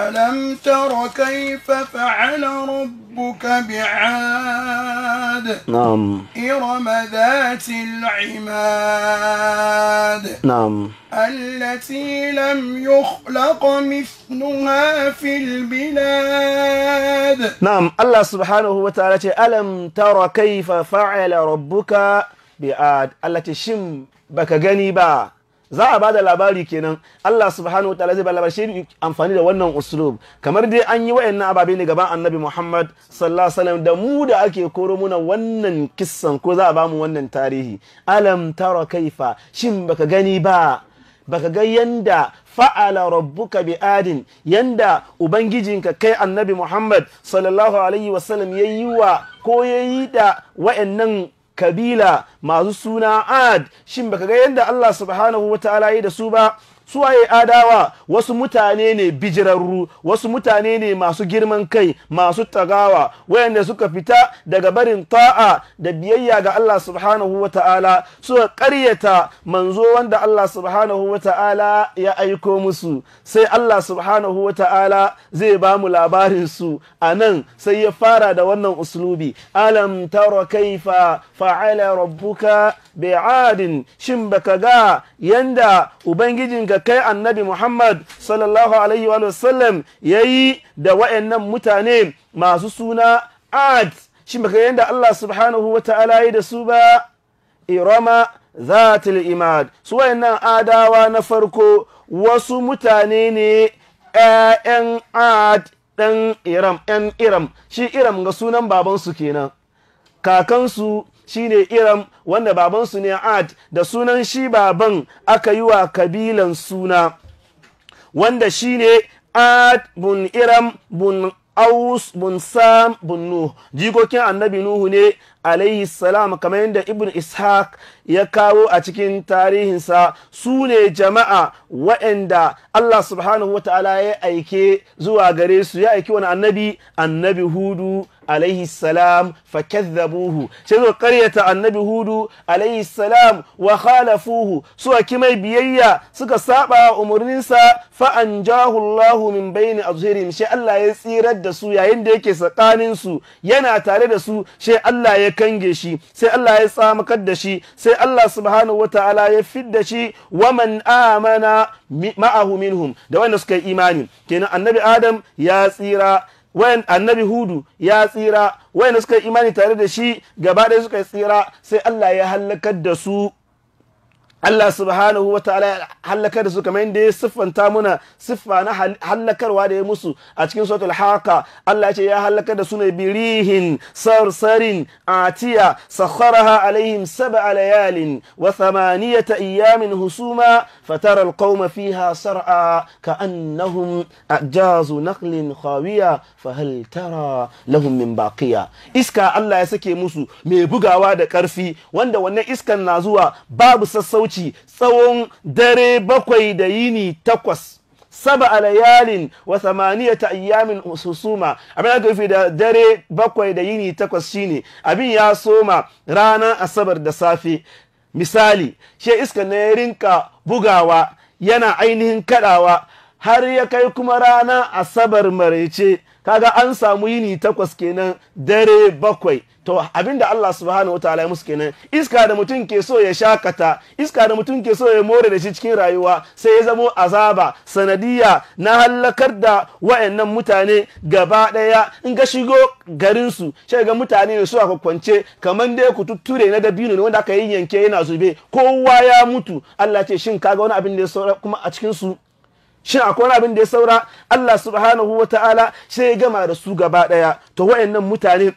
ألم تر كيف فعل ربك بعاد نعم إرم ذات العماد نعم التي لم يخلق مثلها في البلاد نعم الله سبحانه وتعالى ألم تر كيف فعل ربك بعاد التي شم بك جنبا za a bada labari kenan Allah subhanahu wa ta'ala zai bada labari shi amfani da wannan uslub kamar dai an yi wayannan ababe ne gaban Annabi Muhammad sallallahu alaihi wasallam da mu da ake koro muna wannan kissan ko za a ba mu wannan tarihi alam tara kaifa shin baka gani ba baka ga yanda fa'ala rabbuka bi adin yanda ubangijinka kai annabi Muhammad sallallahu alaihi wasallam yayi wa ko yayi da wayannan kabila masu suna ad shin baka ga yadda Allah subhanahu wa ta'ala yi da su ba suwaye adawa wasu mutane ne bijirarru wasu mutane ne masu girman kai masu tagawa wayanda suka fita daga barin ta'a da biyayya ga Allah subhanahu wa ta'ala suka ƙaryata manzo wanda Allah subhanahu wa ta'ala ya aiko musu sai Allah subhanahu wa ta'ala zai ba mu labarin su a nan sai ya fara da wannan uslubi alam tara kaifa fa'ala rabbuka bi'adin shin baka ga yanda ubangijinka kai annabi Muhammad sallallahu alaihi wa ya yi da wa'annan mutane masu suna Ad shi baka yadda Allah subhanahu wa ta'ala yi da su ba irama zatil imad su wayannan adawa na farko wasu mutane ne ‘ya'yan Ad ɗan Iram ‘yan Iram shi Iram ga sunan babansu kenan kakansu shine iram wanda babansu ne ad da sunan shi baban aka yi wa kabilan suna wanda shine ad bun iram bun aus bun sam bun nuh jikokin annabi nuhu ne alaihi salam kamar yadda ibn ishaq ya kawo a cikin tarihinsa su ne jama'a waɗanda allah subhanahu wa ta'ala ya aike zuwa gare su ya aiki wani annabi annabi hudu alaihi salam fa sai zo karyata annabi hudu alaihi salam wa khalafuhu suka ki mai biyayya suka saba umarninsa fa'an anjahu Allah min bayni azhirihim sai Allah ya tsirar da su yayin da yake tsakaninsu yana tare da su sai Allah ya kange shi sai Allah ya tsamakar da shi sai Allah subhanahu wataala ya fidda shi wa man amana ma'ahu da wanda suka yi imani kenan annabi Adam ya tsira wayan annabi hudu ya tsira wayan suka imani tare da shi gaba ɗaya suka tsira sai Allah ya halakar da su Allah subhanahu wa ta'ala ya halakar da su kamar inda ya siffanta muna siffa na halakarwa da ya musu a cikin suratul haka Allah ya ce ya hallaka da su ne birihin sarsarin atiya sakharaha alaihim sab'a layalin wa thamaniyata ayyamin husuma fatara alqauma fiha sar'a ka'annahum ajazu naqlin khawiya fa hal tara lahum min baqiya iska Allah ya sake musu mai bugawa da karfi wanda wannan iskan na zuwa babu sassauci musulunci tsawon dare bakwai da yini takwas saba a layalin wa samaniya ta ayyamin susuma abin da rufe da dare bakwai da yini takwas shine abin ya soma ranar asabar da safe misali she iska na rinka bugawa yana ainihin kadawa har ya kai kuma ranar asabar marece kaga an samu yini takwas kenan dare bakwai to abinda Allah subhanahu wataala ya musu kenan iska da mutum ke so ya shakata iska da mutum ke so ya more da shi cikin rayuwa sai ya zamo azaba sanadiya na hallakar da wayannan mutane gaba daya in ga shigo garin su sai ga mutane ne su aka kwance kaman dai ku tutture na dabino ne wanda aka yi yanke yana zube kowa ya mutu Allah ce shin kaga wani abin da ya saura kuma a cikin su shin akwai abin da ya saura Allah subhanahu wa ta'ala sai ya gama da su gaba daya to wayannan mutane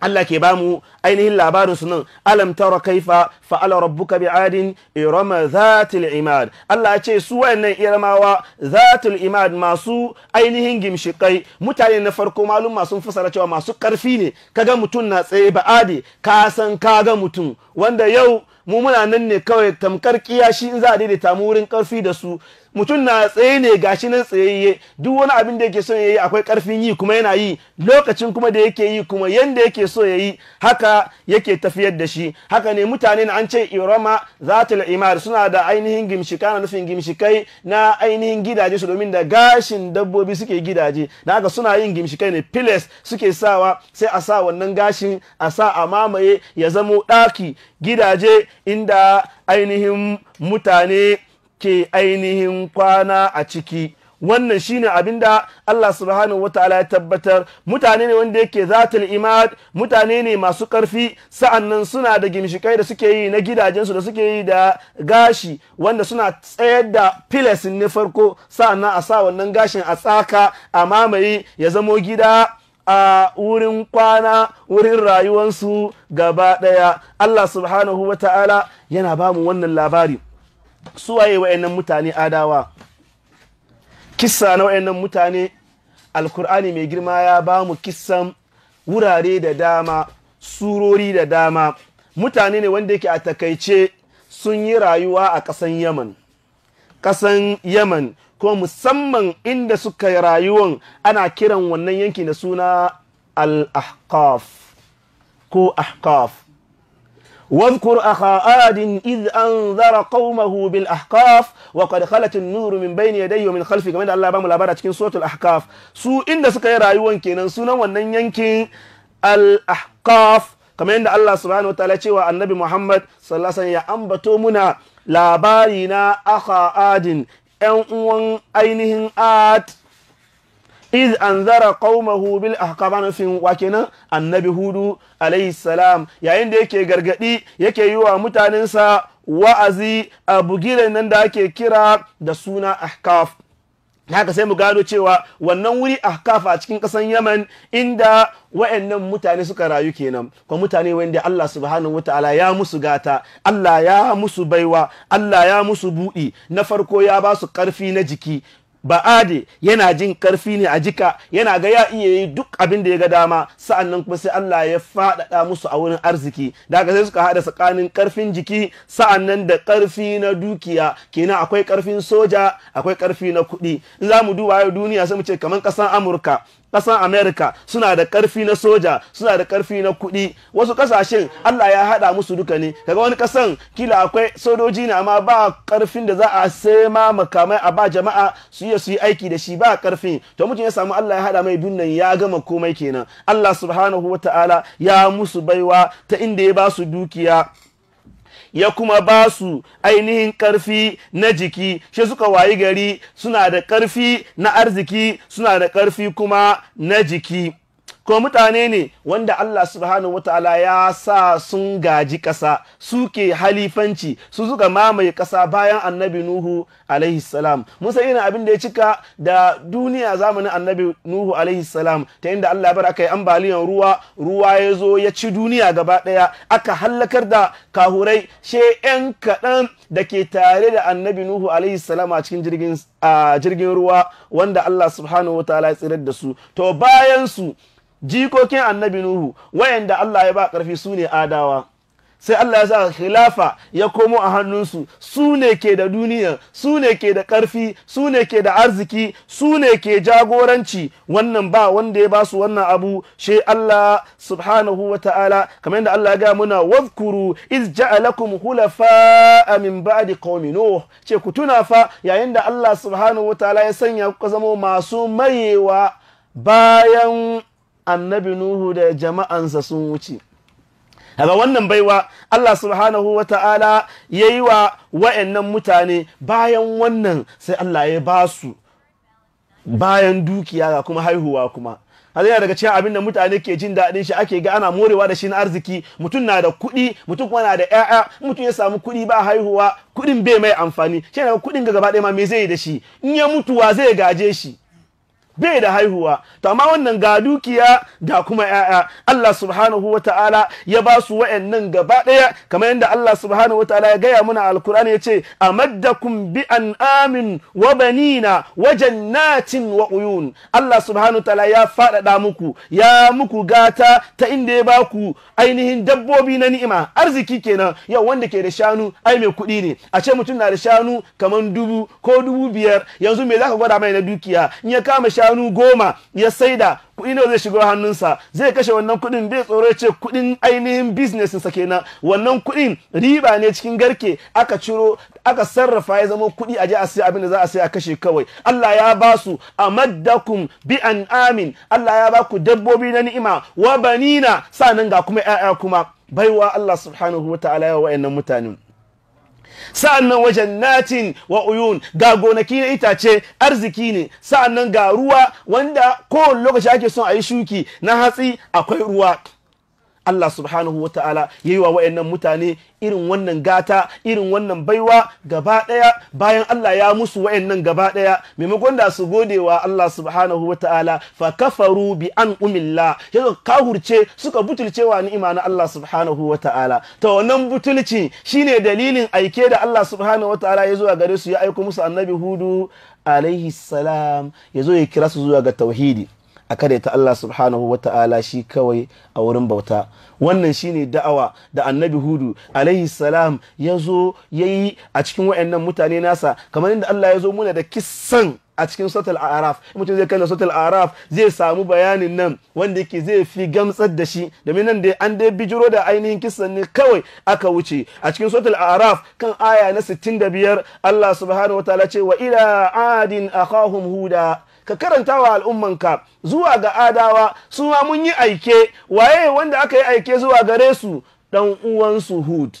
Allah ke bamu ainihin labarin su nan alam tara kaifa fa'ala rabbuka bi'adin irama zatil imad Allah ya ce su wayannan iramawa zatil imad masu ainihin gimshikai mutane na farko malum masu fasara cewa masu karfi ne kaga mutum na tsaye ba'adi ka san kaga mutum wanda yau mu muna nan ne kawai tamkar kiyashi in za a daidaita mu wurin karfi da su mutum na tsaye ne gashi nan tsayayye duk wani abin da yake so yayi akwai karfin yi kuma yana yi lokacin kuma da yake yi kuma yanda yake so yayi haka yake tafiyar da shi haka ne mutane na an ce irama zatul imar suna da ainihin gimshika na nufin gimshikai na ainihin gidaje su domin da gashin dabbobi suke gidaje da haka suna yin gimshikai ne piles suke sawa sai a sa wannan gashin a sa a mamaye ya zamo ɗaki gidaje inda ainihin mutane ke ainihin kwana a ciki wannan shine abinda Allah subhanahu wa ta'ala ya tabbatar mutane ne wanda yake zatul imad mutane ne masu karfi sa'annan suna da gimshikai da suke yi na gidajensu da suke yi da gashi wanda suna tsayar da filasin na farko sa'annan a sa wannan gashin a tsaka a mamaye ya zamo gida a wurin kwana wurin rayuwansu gaba daya Allah subhanahu wa ta'ala yana ba mu wannan labari suwaye wa'annan mutane adawa kissa na wa'annan mutane alkur'ani mai girma ya ba mu kissan wurare da dama surori da dama mutane ne wanda yake a takaice sun yi rayuwa a ƙasan yaman ƙasan yaman ko musamman inda suka yi rayuwan ana kiran wannan yanki da suna al-ahqaf ko ahqaf واذكر أخا عاد إذ أنذر قومه بالأحقاف وقد خلت النور من بين يديه ومن خلفه كمان الله بام لابارة cikin سورة الأحقاف سو إن سكاي رايوان كينان سونا wannan yankin al-ahqaf kamar yadda Allah subhanahu wa cewa annabi Muhammad sallallahu ya ambato muna labari na akha yan uwan ainihin ad iz anzara qaumahu bil ahqaba nufin annabi hudu alayhi yayin da yake gargadi yake yi wa mutanensa wa'azi a bugiren nan da ake kira da suna ahkaf haka sai mu gano cewa wannan wuri ahkaf a cikin kasan yaman inda wa'annan mutane suka rayu kenan kuma mutane wanda Allah subhanahu wataala ya musu gata Allah ya musu baiwa Allah ya musu buɗi na farko ya ba su ƙarfi na jiki ba'ade yana jin karfi ne a jika yana ga ya iya yi duk abin da ya ga dama sa'annan kuma sai Allah ya faɗaɗa musu a wurin arziki daga sai suka haɗa tsakanin karfin jiki sa'annan da karfi na dukiya kenan akwai karfin soja akwai karfi na kuɗi in za mu duba yau duniya sai mu ce kamar ƙasar Amurka ƙasar america suna da ƙarfi na soja suna da ƙarfi na kuɗi wasu ƙasashen allah ya haɗa musu duka ne kaga wani ƙasan kila akwai sojoji ne amma ba ƙarfin da za a sai ma makamai a ba jama'a su iya su yi aiki da shi ba ƙarfin to mutum ya samu allah ya haɗa mai dunnan ya gama komai kenan allah subhanahu wa ta'ala ya musu baiwa ta inda ya ba su dukiya ya kuma ba su ainihin ƙarfi na jiki shi suka wayi gari suna da ƙarfi na arziki suna da ƙarfi kuma na jiki ko mutane ne wanda Allah subhanahu wataala ya sa sun gaji ƙasa suke halifanci su suka mamaye ƙasa bayan annabi Nuhu alaihi salam Musa yana abin da ya cika da duniya zamanin annabi Nuhu alaihi salam ta inda Allah ya bar aka yi ambaliyan ruwa ruwa ya zo ya ci duniya gaba ɗaya aka hallakar da kahurai she 'yan kaɗan da ke tare da annabi Nuhu alaihi salam a cikin jirgin ruwa wanda Allah subhanahu wataala ya tsirar da su to bayan su jikokin annabi nuhu wayanda Allah ya ba karfi su ne adawa sai Allah ya sa khilafa ya komo a hannunsu su ne ke da duniya su ne ke da ƙarfi su ne ke da arziki su ne ke jagoranci wannan ba wanda ya basu wannan abu shi Allah subhanahu wa ta'ala kamar yadda Allah ya ga muna wazkuru iz ja'alakum khulafa min ba'di qaumi nuh ce ku tuna fa yayin da Allah subhanahu wa ta'ala ya sanya ku zama masu mayewa bayan annabi nuhu da jama'ansa sun wuce daga wannan baiwa Allah subhanahu wa ta'ala ya yi wa wa'yannan mutane bayan wannan sai Allah ya ba su bayan dukiya ga kuma haihuwa kuma har yana daga cikin abin da mutane ke jin daɗin shi ake ga ana morewa da shi na arziki mutum na da kuɗi mutum kuma na da ƴaƴa mutum ya samu kuɗi ba haihuwa kuɗin bai mai amfani shi ne kuɗin ga gaba ɗaya ma me zai yi da shi in ya mutuwa zai gaje shi bai da haihuwa to amma wannan ga dukiya ga kuma ya'ya Allah subhanahu wata'ala ya ba su wa'annan gaba daya kamar yadda Allah subhanahu wata'ala ya gaya muna alkur'ani ya ce amaddakum bi an'amin wa banina wa jannatin wa uyun Allah subhanahu wata'ala ya faɗaɗa muku ya muku gata ta inda ya ba ku ainihin dabbobi na ni'ima arziki kenan yau wanda ke da shanu ai mai kuɗi ne a ce mutum na da shanu kamar dubu ko dubu biyar yanzu me zaka gwada mai na dukiya in ya kama shanu shanu goma ya saida kuɗi nawa zai shigo hannunsa zai kashe wannan kuɗin bai tsoro ce kuɗin ainihin business sa kenan wannan kuɗin riba ne cikin garke aka ciro aka sarrafa ya zama kuɗi a je a sai abin da za a sai a kashe kawai Allah ya ba su amaddakum bi an amin Allah ya ba ku dabbobi na ni'ima wa banina sanan ga kuma 'ya'ya kuma baiwa Allah subhanahu wa ta'ala ya wa'annan mutanen sa'annan wajen natin wa uyun ga gonaki na itace arziki ne sa'annan ga ruwa wanda kowane lokaci ake son a yi shuki na hatsi akwai ruwa Allah subhanahu wa ta'ala ya yi wa wayannan mutane irin wannan gata irin wannan baiwa gaba daya bayan Allah ya musu wayannan gaba daya maimakon da su gode wa Allah subhanahu wa ta'ala fa kafaru bi an umillah yanzu kahurce suka butulce wa ni'ima na Allah subhanahu wa ta'ala to wannan butulci shine dalilin aike da Allah subhanahu wa ta'ala ya zo gare su ya aiko musu annabi hudu alaihi salam ya zo ya kira su zuwa ga tauhidi a ta Allah subhanahu wa ta'ala shi kawai a wurin bauta wannan shine da'awa da annabi hudu alaihi salam ya zo ya yi a cikin wa'annan mutane nasa kamar inda Allah ya zo muna da kissan a cikin sotal araf mutum zai kalla sotal araf zai samu bayanin nan wanda yake zai fi gamsar da shi domin nan dai an dai bijiro da ainihin kisan ne kawai aka wuce a cikin sotal araf kan aya na 65 Allah subhanahu ta'ala ce wa ila adin akahum huda ka karanta wa al'ummanka zuwa ga adawa su ma mun yi aike waye wanda aka yi aike zuwa gare su dan uwansu hud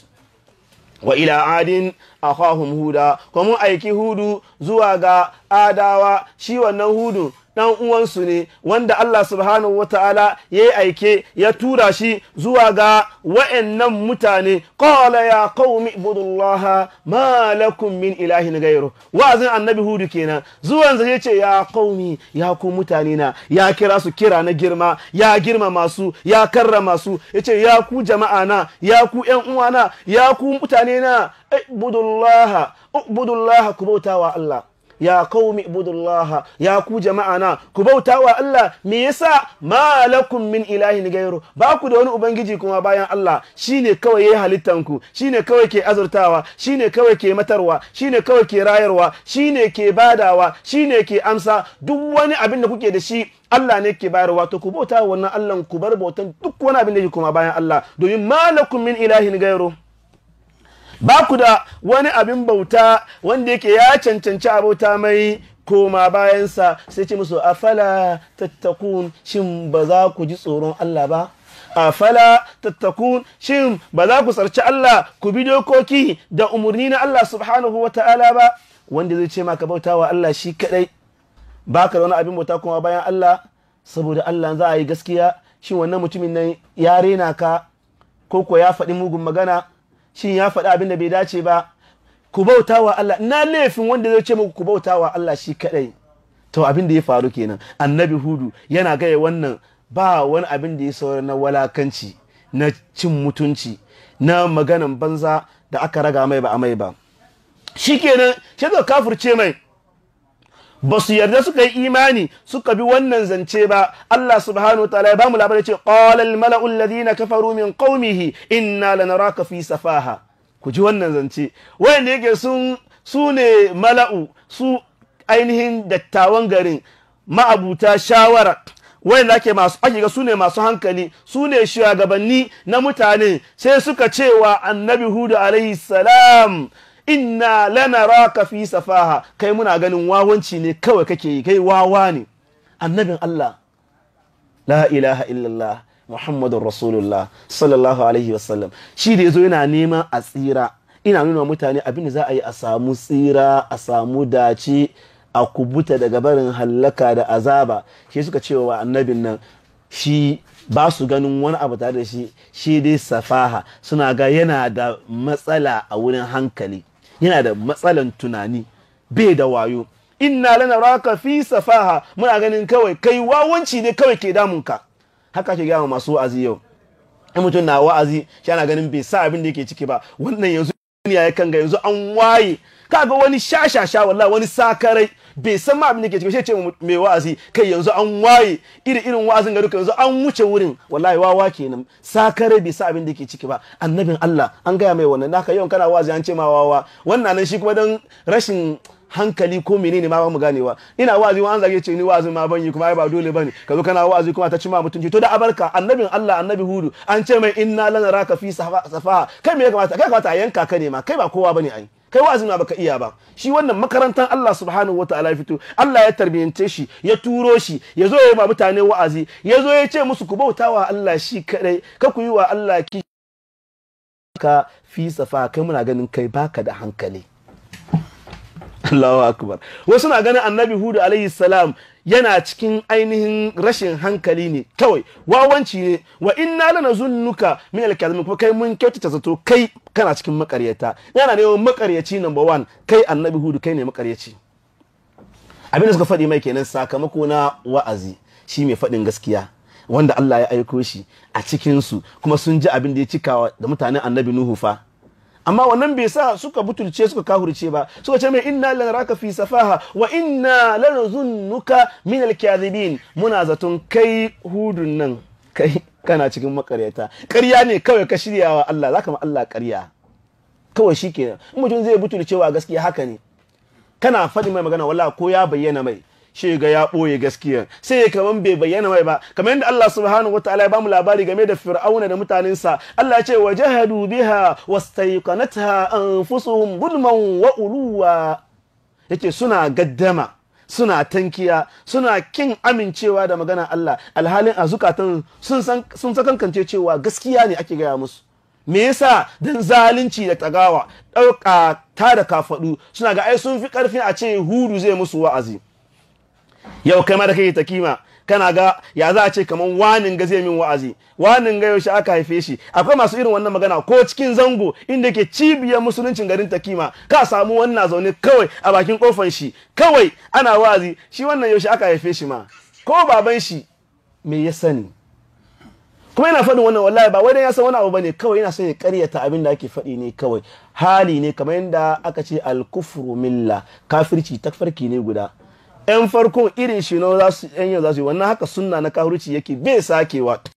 wa ila adin akhahum huda kuma mun aiki hudu zuwa ga adawa shi wannan hudu dan uwansu ne wanda Allah subhanahu wataala ya yi aike ya tura shi zuwa ga wa'annan mutane qala ya qaumi ibudullaha ma lakum min ilahin Wa wa'azin annabi hudu kenan zuwan zai ce ya qaumi ya ku mutane na ya kira su kira na girma ya girma masu ya karrama su yace ya ku jama'a na ya ku yan uwana ya ku mutane na ibudullaha ibudullaha ku bautawa Allah ya qaumi ibudullaha ya ku jama'a na ku bauta wa Allah me yasa ma min ilahin gairu ba ku da wani ubangiji kuma bayan Allah shine kawai yayi halittan ku shine kawai ke azurtawa shine kawai ke matarwa shine kawai ke rayarwa shine ke badawa shine ke amsa duk wani abin da kuke da shi Allah ne ke bayarwa to ku bauta wannan Allah ku bar bautan duk wani abin da yake kuma bayan Allah domin ma min ilahin gairu ba ku da wani abin bauta wanda yake ya cancanci abota mai koma bayansa sai ce musu afala tattakun shin ba za ku ji tsoron Allah ba afala tattakun shin ba za ku sarci Allah ku bi dokoki da umarni na Allah subhanahu wa ta'ala ba wanda zai ce maka bauta wa Allah shi kadai ba ka da wani abin bauta kuma bayan Allah saboda Allah za a yi gaskiya shin wannan mutumin nan ya rena ka ko ko ya faɗi mugun magana shin ya faɗi abin da bai dace ba ku bauta wa Allah na laifin wanda zai ce muku ku bauta wa Allah shi kadai to abin da ya faru kenan annabi hudu yana gaya wannan ba wani abin da ya saura na walakanci na cin mutunci na maganan banza da aka raga mai ba a mai ba shikenan shi zo kafirce mai ba su yarda suka yi imani suka bi wannan zance ba Allah subhanahu ta'ala ya bamu labarai ce qala al mala'u alladhina kafaru min qaumihi inna lanaraka fi safaha ku ji wannan zance wayanda yake sun su mala'u su ainihin dattawan garin ma'abuta shawara wayanda ake masu ga sune masu hankali sune shugabanni na mutane sai suka cewa annabi hudu alaihi salam inna raka fi safaha kai muna ganin wawanci ne kawai kake yi kai wawa ne annabin Allah la ilaha illallah muhammadun rasulullah sallallahu alaihi wasallam shi da yazo yana neman a tsira ina nuna mutane abin da za a yi a samu tsira a samu dace a kubuta daga barin hallaka da azaba shi suka cewa annabin nan shi ba su ganin wani abu tare da shi shi dai safaha suna ga yana da matsala a wurin hankali yana da matsalan tunani bai da wayo inna lana raka fi safaha muna ganin kawai kai wawanci ne kawai ke damun ka. haka ke gama masu wa'azi yau in mutum na wa'azi shi ana ganin bai sa abin da yake ciki ba wannan yanzu duniya ya kanga yanzu an waye kaga wani shashasha wallahi wani sakarai bai san ma abin da ke cikin shi ce mai wa'azi kai yanzu an waye iri irin wa'azin ga duka yanzu an wuce wurin wallahi wawa kenan sakare bai sa abin da ke ciki ba annabin Allah an gaya mai wannan naka yawan kana wa'azi an ce ma wawa wannan nan shi kuma dan rashin hankali ko menene ma ba mu ganewa ina wa'azi wa an zage ce ni wa'azi ma ban yi kuma ai ba dole bane ka zo kana wa'azi kuma ta ci ma mutunci to da abarka annabin Allah annabi Hudu an ce mai inna lanaraka fi safaha kai me ya kamata kai kamata a yanka ka ne ma kai ba kowa bane ai kai wa'azin ma baka iya ba shi wannan makarantar Allah subhanahu wataala ya fito Allah ya tarbiyance shi ya turo shi ya zo ya yi mutane wa'azi ya zo ya ce musu ku bauta wa Allah shi kadai ka ku yi wa Allah ki ka fi safa kai muna ganin kai baka da hankali Allahu akbar wasu na ganin annabi hudu alayhi salam yana cikin ainihin rashin hankali ne kawai wawanci ne wa inna lana zunnuka min alkazimi kuma kai mun kyautata zato kai kana cikin makaryata yana ne makaryaci number one kai annabi hudu kai ne makaryaci abin da suka faɗi mai kenan sakamako na wa'azi shi mai faɗin gaskiya wanda Allah ya aiko shi a cikinsu kuma sun ji abin da ya cikawa da mutanen annabi nuhu fa amma wannan bai sa suka butulce suka kahurce ba suka ce mai inna raka fi safaha wa inna zunnuka min alkazibin muna zaton kai hudun nan kai kana cikin makaryata ƙarya ne kawai ka shirya wa Allah zaka ma Allah ƙarya kawai shikenan in mutum zai butulcewa gaskiya haka ne kana faɗi mai magana wala ko ya bayyana mai shi ya ɓoye gaskiya sai ya kaman bai bayyana mai ba kamar yadda Allah subhanahu wataala ya bamu labari game da fir'auna da mutanen sa Allah ya ce wajahadu biha wastayqanatha anfusuhum gulman wa uluwa yace suna gaddama suna tankiya suna kin amincewa da magana Allah alhalin a zukatan sun san sun sakankance cewa gaskiya ne ake gaya musu me yasa dan zalunci da tagawa ɗauka ta da kafaɗu suna ga ai sun fi ƙarfin a ce hudu zai musu wa'azi yau kai ma da kake kima kana ga ya za a ce kamar wanin ga zai min wa'azi wanin ga yaushe aka haife shi akwai masu irin wannan magana ko cikin zango inda ke cibiyar musuluncin garin ta kima ka samu wannan zaune kawai a bakin kofan shi kawai ana wa'azi shi wannan yaushe aka haife shi ma ko baban shi me ya sani kuma yana faɗin wannan wallahi ba wai dan ya san wani abu bane kawai yana son ya karyata abin da ake faɗi ne kawai hali ne kamar yadda aka ce alkufru milla kafirci takfarki ne guda 'yan farko irin shi na za yan yanzu wannan haka sunna na kahurci yake bai sakewa